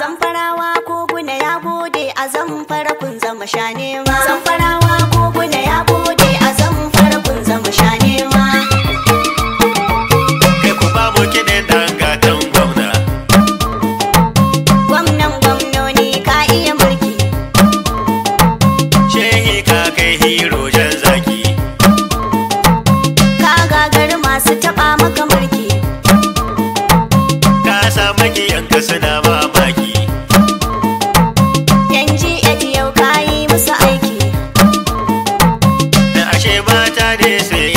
Zamfarawa ko guna ya gode a zamfara kun zama shanewa. Zamfarawa ta dese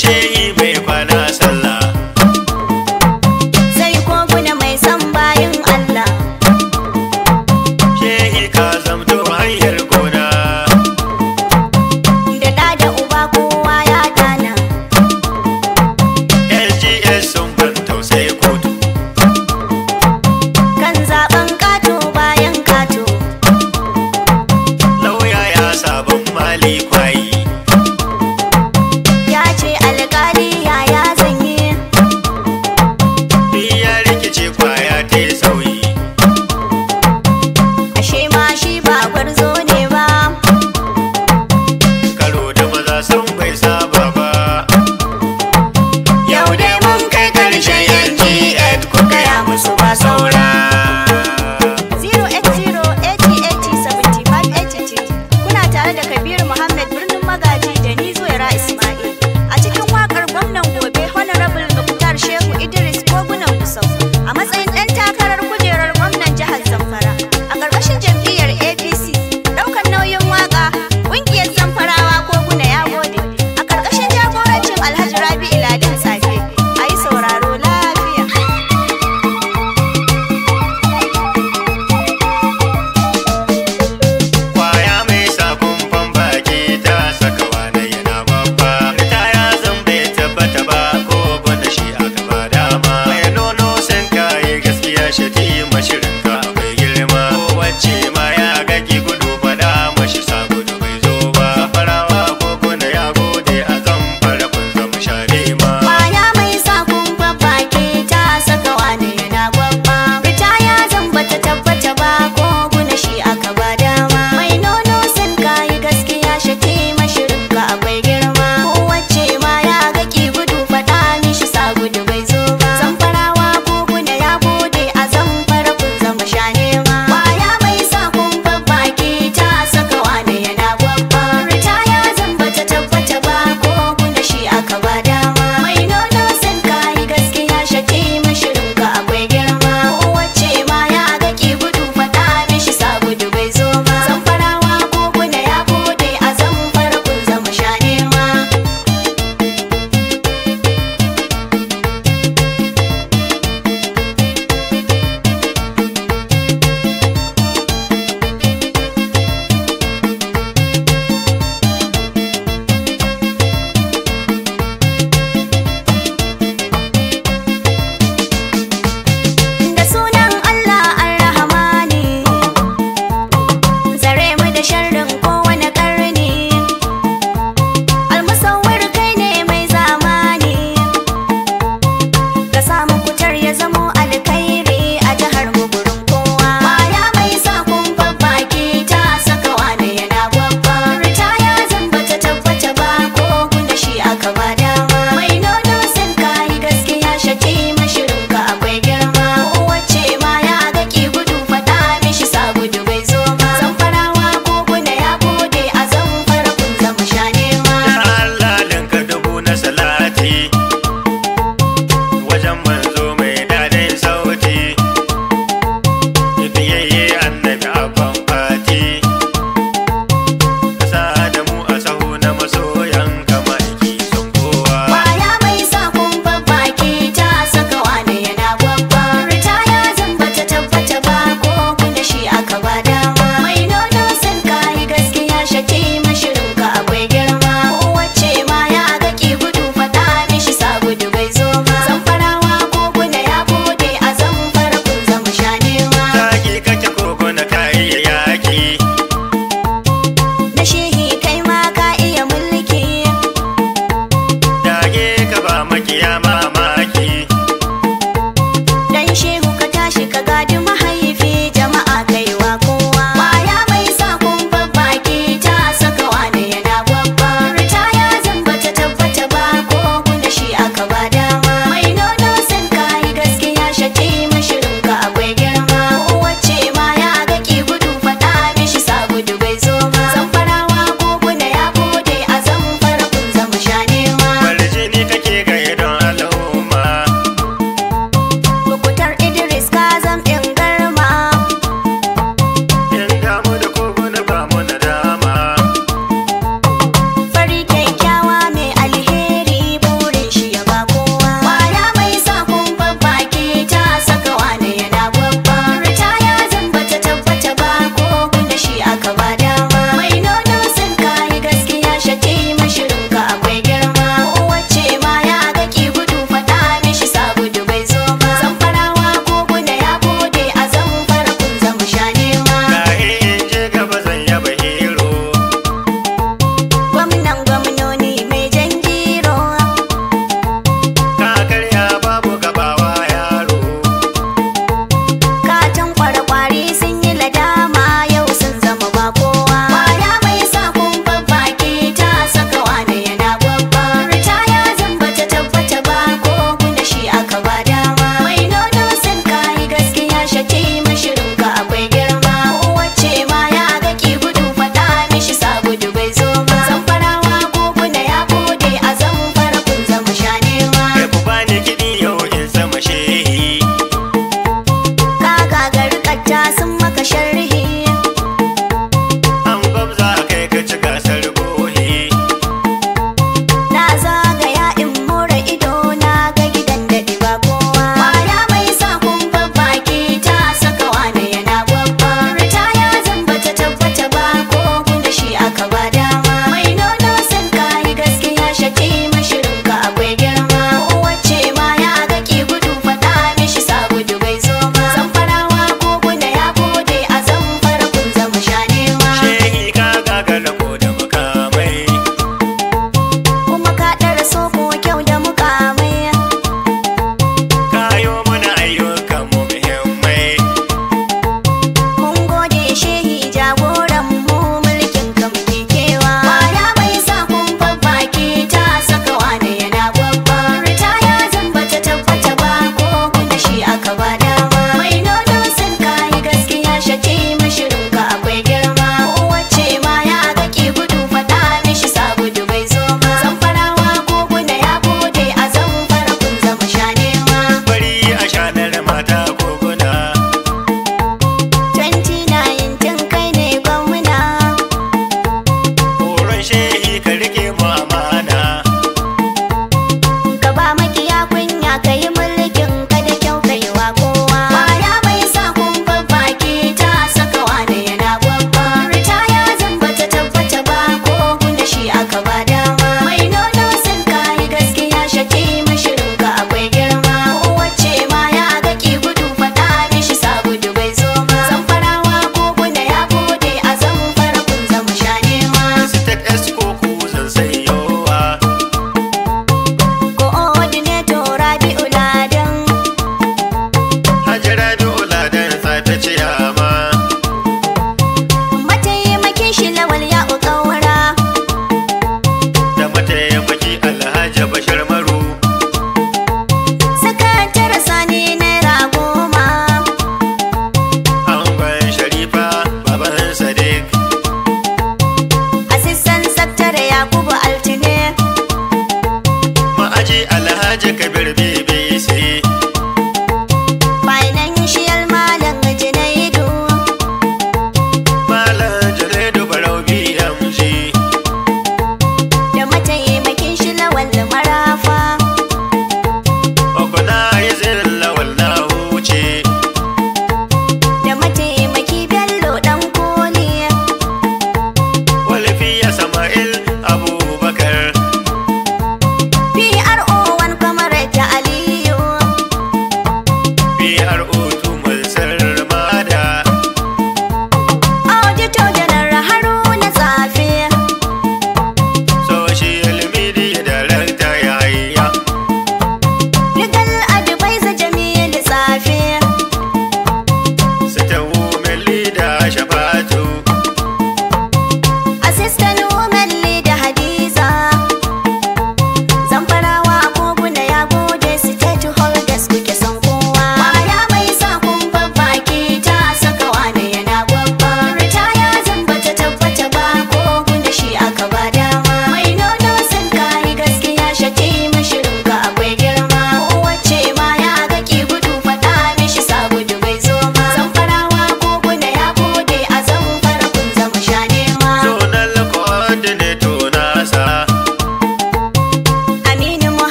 ṣe ìwé pa.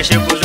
Ayşe Kuzu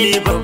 ne ba